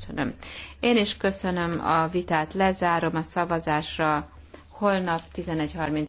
Köszönöm. Én is köszönöm a vitát, lezárom a szavazásra holnap 11.30